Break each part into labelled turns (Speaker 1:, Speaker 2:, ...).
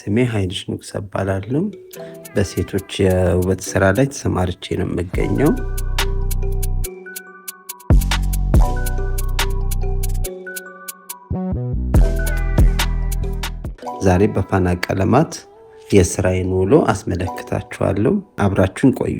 Speaker 1: ስሜ ሀይልሽ ንጉሰ እባላለሁ። በሴቶች የውበት ስራ ላይ ተሰማርቼ ነው የምገኘው። ዛሬ በፋና ቀለማት የስራዬን ውሎ አስመለክታችኋለሁ። አብራችሁን ቆዩ።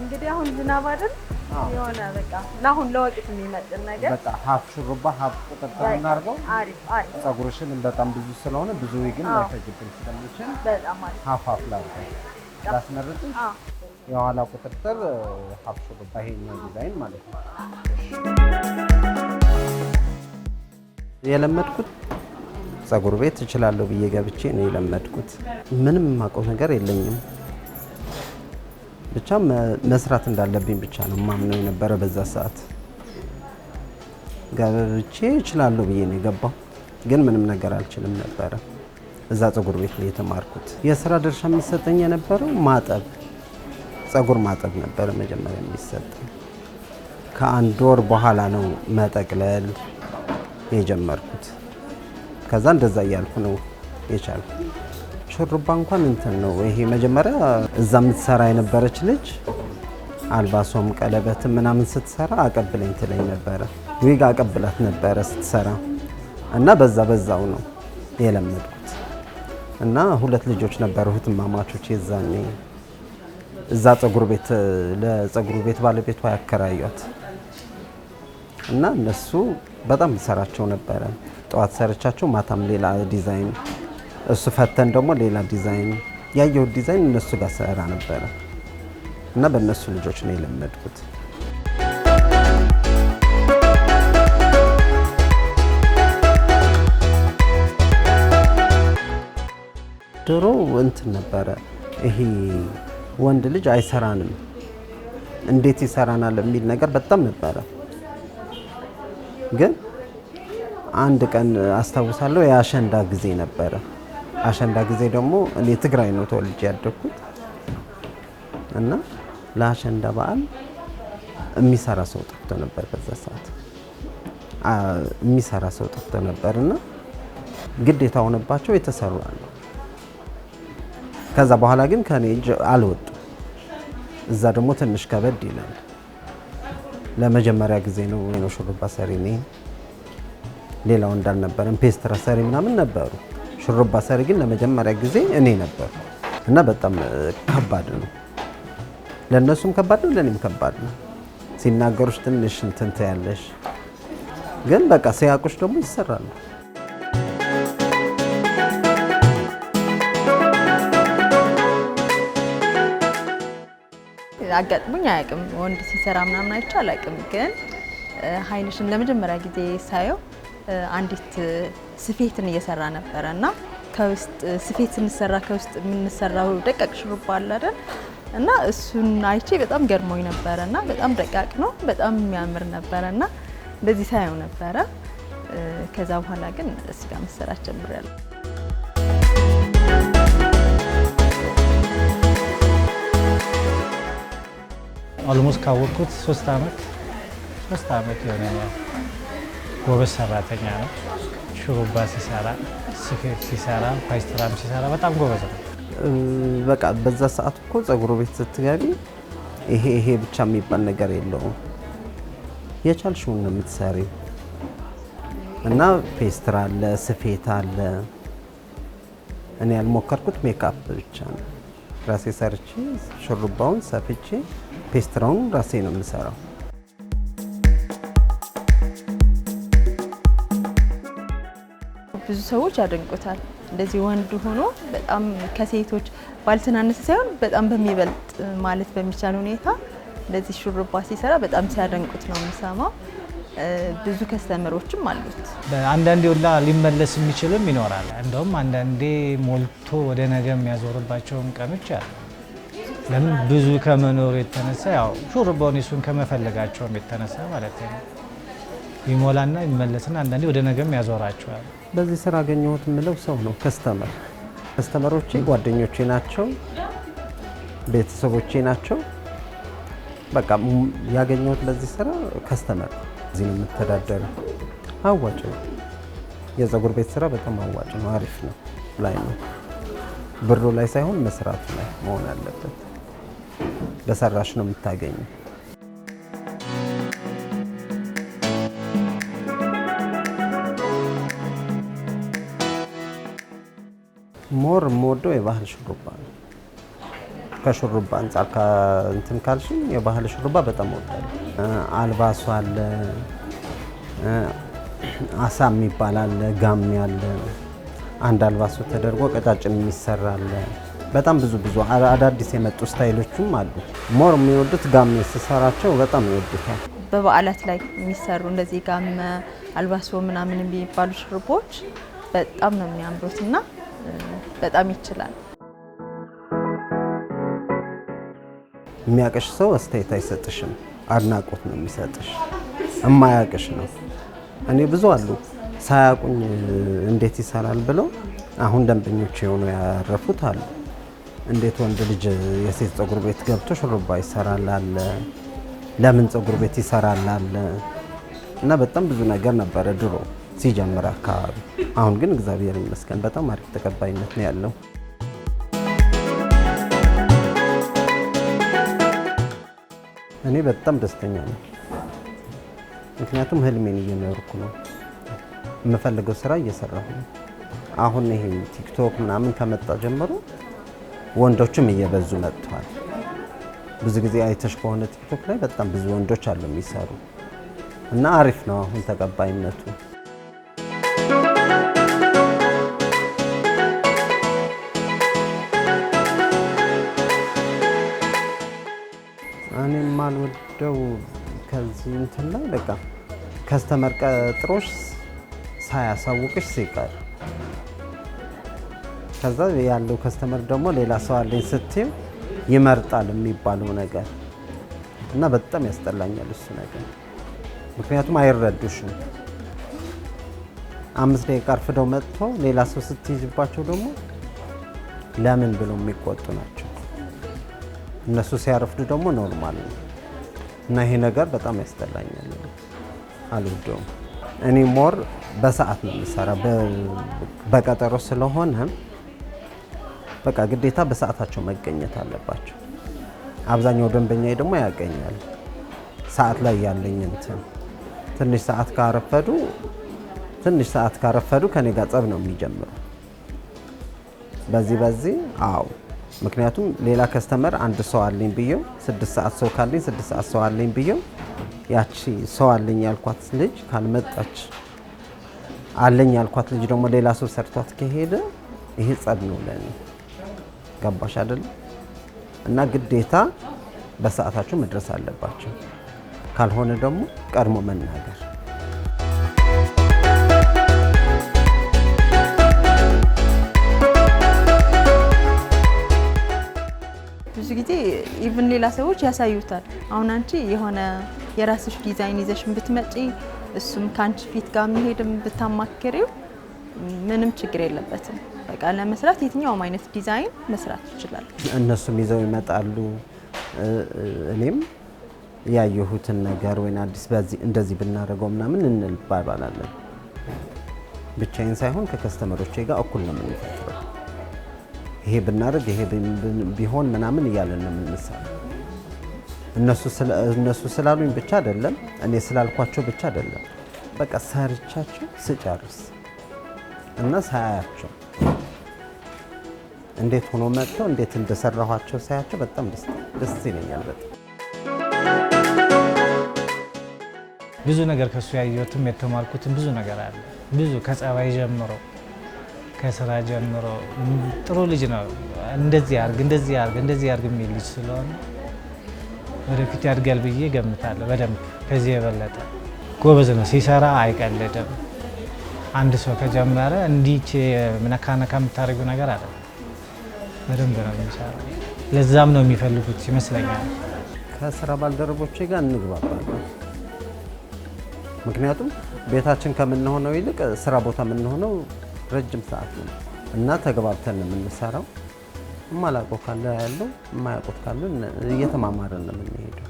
Speaker 2: እንግዲህ አሁን ዝናብ አይደል የሆነ በቃ ለአሁን ለወቂት የሚመጥን
Speaker 1: ነገር በቃ ሀፍ ሹሩባ ሀፍ ቁጥጥር እናድርገው። አሪፍ አሪፍ ጸጉርሽን በጣም ብዙ ስለሆነ ብዙ ግን አይፈጅብን ስለሚችል ሀፍ ሀፍ ላድርገው ላስመርጥሽ። የኋላ ቁጥጥር ሀፍ ሹሩባ ይሄኛው ዲዛይን ማለት ነው የለመድኩት ጸጉር ቤት እችላለሁ ብዬ ገብቼ ነው የለመድኩት። ምንም የማውቀው ነገር የለኝም። ብቻ መስራት እንዳለብኝ ብቻ ነው ማምነው የነበረ። በዛ ሰዓት ገብቼ እችላለሁ ብዬ ነው የገባው፣ ግን ምንም ነገር አልችልም ነበረ። እዛ ጸጉር ቤት ነው የተማርኩት። የስራ ድርሻ የሚሰጠኝ የነበረው ማጠብ፣ ጸጉር ማጠብ ነበረ መጀመሪያ የሚሰጠ ከአንድ ወር በኋላ ነው መጠቅለል የጀመርኩት። ከዛ እንደዛ እያልኩ ነው የቻልኩት። ሹሩባ እንኳን እንትን ነው ይሄ መጀመሪያ እዛ የምትሰራ የነበረች ልጅ አልባሷም ቀለበትም ምናምን ስትሰራ አቀብለኝ ትለኝ ነበረ። ዊግ አቀብላት ነበረ ስትሰራ እና በዛ በዛው ነው የለመድኩት። እና ሁለት ልጆች ነበሩ እህትማማቾች የዛኔ እዛ ጸጉር ቤት ለፀጉር ቤት ባለቤቷ ያከራዩት እና እነሱ በጣም ሰራቸው ነበረ። ጠዋት ሰርቻቸው ማታም ሌላ ዲዛይን እሱ ፈተን ደግሞ ሌላ ዲዛይን ያየው ዲዛይን እነሱ ጋር ሰራ ነበረ እና በእነሱ ልጆች ነው የለመድኩት። ድሮ እንትን ነበረ ይሄ ወንድ ልጅ አይሰራንም እንዴት ይሰራናል የሚል ነገር በጣም ነበረ። ግን አንድ ቀን አስታውሳለሁ የአሸንዳ ጊዜ ነበረ። አሸንዳ ጊዜ ደግሞ እኔ ትግራይ ነው ተወልጄ ያደግኩት እና ለአሸንዳ በዓል የሚሰራ ሰው ጠፍቶ ነበር። በዛ ሰዓት የሚሰራ ሰው ጠፍቶ ነበር እና ግዴታ ሆነባቸው የተሰሩ አሉ። ከዛ በኋላ ግን ከኔ እጅ አልወጡ። እዛ ደግሞ ትንሽ ከበድ ይላል። ለመጀመሪያ ጊዜ ነው ሹሩባ ሰሪ ሌላው እንዳልነበረን ፔስትራ ሰሪ ምናምን ነበሩ ሽሩባ ሰርግን ለመጀመሪያ ጊዜ እኔ ነበር እና በጣም ከባድ ነው። ለእነሱም ከባድ ነው፣ ለእኔም ከባድ ነው። ሲናገሩሽ ትንሽ እንትን ትያለሽ፣ ግን በቃ ሲያቁሽ ደግሞ ይሰራሉ።
Speaker 2: አጋጥሞኝ አያውቅም። ወንድ ሲሰራ ምናምን አይቼ አላውቅም። ግን ሀይልሽን ለመጀመሪያ ጊዜ ሳየው አንዲት ስፌትን እየሰራ ነበረ እና ከውስጥ ስፌት ስንሰራ ከውስጥ የምንሰራው ደቃቅ ሽሩባ አለ አይደል እና እሱን አይቼ በጣም ገርሞኝ ነበረ እና በጣም ደቃቅ ነው፣ በጣም የሚያምር ነበረ እና እንደዚህ ሳየው ነበረ። ከዛ በኋላ ግን እሱ ጋር መሰራት ጀምሬያለሁ።
Speaker 3: አልሞስ ካወቅኩት ሶስት አመት ሶስት አመት የሆነ ጎበዝ ሰራተኛ ነው። ሽሩባ ሲሰራ፣ ስፌት ሲሰራ፣ ፓስትራም ሲሰራ በጣም ጎበዝ ነው።
Speaker 1: በቃ በዛ ሰዓት እኮ ጸጉር ቤት ስትገቢ ይሄ ይሄ ብቻ የሚባል ነገር የለውም። የቻልሽውን ነው የምትሰሪ እና ፔስትር አለ፣ ስፌት አለ። እኔ ያልሞከርኩት ሜካፕ ብቻ ነው። ራሴ ሰርቼ ሹሩባውን ሰፍቼ ፔስትራውን ራሴ ነው የምሰራው።
Speaker 2: ብዙ ሰዎች ያደንቁታል። እንደዚህ ወንድ ሆኖ በጣም ከሴቶች ባልተናነሰ ሳይሆን በጣም በሚበልጥ ማለት በሚቻል ሁኔታ እንደዚህ ሹርባ ሲሰራ በጣም ሲያደንቁት ነው የሚሰማው። ብዙ ከስተምሮችም አሉት።
Speaker 3: አንዳንዴ ሁላ ሊመለስ የሚችልም ይኖራል። እንደውም አንዳንዴ ሞልቶ ወደ ነገ የሚያዞርባቸውን ቀኖች አሉ። ለምን ብዙ ከመኖሩ የተነሳ ያው ሹርባውን የሱን ከመፈለጋቸውም የተነሳ ማለት ነው ይሞላና ይመለስና አንዳንዴ ወደ ነገም ያዞራቸዋል።
Speaker 1: በዚህ ስራ አገኘሁት የምለው ሰው ነው። ከስተመር ከስተመሮቼ ጓደኞቼ ናቸው፣ ቤተሰቦቼ ናቸው። በቃ ያገኘሁት በዚህ ስራ ከስተመር። እዚህ ነው የምተዳደረ። አዋጭ ነው። የፀጉር ቤት ስራ በጣም አዋጭ ነው። አሪፍ ነው ላይ ነው ብሩ ላይ ሳይሆን መስራቱ ላይ መሆን አለበት። በሰራሽ ነው የምታገኘው። ሞር የምወደው የባህል ሹሩባ ነው። ከሹሩባ አንጻር እንትን ካልሽኝ የባህል ሹሩባ በጣም ወዳለሁ። አልባሱ አለ፣ አሳ የሚባል አለ፣ ጋሜ አለ፣ አንድ አልባሱ ተደርጎ ቀጫጭን የሚሰራ አለ። በጣም ብዙ ብዙ አዳዲስ የመጡ ስታይሎችም አሉ። ሞር የሚወዱት ጋሜ ስሰራቸው በጣም ይወዱታል።
Speaker 2: በበዓላት ላይ የሚሰሩ እንደዚህ ጋመ አልባሶ ምናምን የሚባሉ ሹሩባዎች በጣም ነው የሚያምሩት እና በጣም ይችላል።
Speaker 1: የሚያቀሽ ሰው አስተያየት አይሰጥሽም፣ አድናቆት ነው የሚሰጥሽ። እማያቅሽ ነው። እኔ ብዙ አሉ ሳያቁኝ እንዴት ይሰራል ብለው አሁን ደንበኞች የሆኑ ያረፉት አሉ። እንዴት ወንድ ልጅ የሴት ጸጉር ቤት ገብቶ ሹሩባ ይሰራል አለ፣ ለምን ጸጉር ቤት ይሰራል አለ እና በጣም ብዙ ነገር ነበረ ድሮ ሲጀምር አካባቢ። አሁን ግን እግዚአብሔር ይመስገን በጣም አሪፍ ተቀባይነት ነው ያለው። እኔ በጣም ደስተኛ ነው፣ ምክንያቱም ህልሜን እየኖርኩ ነው። የምፈልገው ስራ እየሰራሁ ነው። አሁን ይሄ ቲክቶክ ምናምን ከመጣ ጀምሮ ወንዶችም እየበዙ መጥተዋል። ብዙ ጊዜ አይተሽ ከሆነ ቲክቶክ ላይ በጣም ብዙ ወንዶች አሉ የሚሰሩ እና አሪፍ ነው አሁን ተቀባይነቱ። የምወደው ከዚህ እንትን ላይ በቃ ከስተመር ቀጥሮሽ ሳያሳውቅሽ ሲቀር ከዛ ያለው ከስተመር ደግሞ ሌላ ሰው አለኝ ስትይው ይመርጣል የሚባለው ነገር እና በጣም ያስጠላኛል እሱ ነገር። ምክንያቱም አይረዱሽም። አምስት ደቂቃ አርፍደው መጥቶ ሌላ ሰው ስትይዝባቸው ደግሞ ለምን ብለው የሚቆጡ ናቸው። እነሱ ሲያረፍዱ ደግሞ ኖርማል ነው። እና ይሄ ነገር በጣም ያስጠላኛል፣ አልወደውም። እኔ ሞር በሰዓት ነው የሚሰራ በቀጠሮ ስለሆነ በቃ ግዴታ በሰዓታቸው መገኘት አለባቸው። አብዛኛው ደንበኛ ደግሞ ያገኛል። ሰዓት ላይ ያለኝ እንትን ትንሽ ሰዓት ካረፈዱ ትንሽ ሰዓት ካረፈዱ ከኔ ጋር ጸብ ነው የሚጀምሩ። በዚህ በዚህ አዎ ምክንያቱም ሌላ ከስተመር አንድ ሰው አለኝ ብየው ስድስት ሰዓት ሰው ካለኝ ስድስት ሰዓት ሰው አለኝ ብየው ያቺ ሰው አለኝ ያልኳት ልጅ ካልመጣች አለኝ ያልኳት ልጅ ደግሞ ሌላ ሰው ሰርቷት ከሄደ ይሄ ጸብ ነው ለእኔ። ገባሽ አይደለም? እና ግዴታ በሰዓታቸው መድረስ አለባቸው። ካልሆነ ደግሞ ቀድሞ መናገር
Speaker 2: ብዙ ጊዜ ኢቭን ሌላ ሰዎች ያሳዩታል። አሁን አንቺ የሆነ የራስሽ ዲዛይን ይዘሽን ብትመጪ እሱም ከአንቺ ፊት ጋር የሚሄድም ብታማክሪው ምንም ችግር የለበትም። በቃ ለመስራት የትኛውም አይነት ዲዛይን መስራት ይችላል።
Speaker 1: እነሱም ይዘው ይመጣሉ። እኔም ያየሁትን ነገር ወይ አዲስ በዚህ እንደዚህ ብናደርገው ምናምን እንባባላለን። ብቻዬን ሳይሆን ከከስተመሮቼ ጋር እኩል ነው የምንፈጥረው ይሄ ብናደርግ ይሄ ቢሆን ምናምን እያለን ነው የምንሳል። እነሱ ስላሉኝ ብቻ አይደለም፣ እኔ ስላልኳቸው ብቻ አይደለም። በቃ ሰርቻቸው ስጨርስ እና ሳያቸው እንዴት ሆኖ መጥተው እንዴት እንደሰራኋቸው ሳያቸው በጣም ደስ ይለኛል። በጣም
Speaker 3: ብዙ ነገር ከሱ ያየሁትም የተማርኩትም ብዙ ነገር አለ። ብዙ ከጸባይ ጀምሮ ከስራ ጀምሮ ጥሩ ልጅ ነው። እንደዚህ አርግ እንደዚህ አርግ እንደዚህ አርግ የሚል ልጅ ስለሆነ ወደፊት ያድጋል ብዬ ገምታለሁ። በደንብ ከዚህ የበለጠ ጎበዝ ነው። ሲሰራ አይቀልድም። አንድ ሰው ከጀመረ እንዲች ነካነካ የምታደርጉ ነገር አለ። በደንብ ነው የሚሰራ። ለዛም ነው የሚፈልጉት ይመስለኛል።
Speaker 1: ከስራ ባልደረቦቼ ጋር እንግባባለን። ምክንያቱም ቤታችን ከምንሆነው ይልቅ ስራ ቦታ የምንሆነው ረጅም ሰዓት ነው እና ተግባብተን ነው የምንሰራው። የማላውቀው ካለ ያለው የማያውቁት ካለ እየተማማረን ነው የምንሄደው።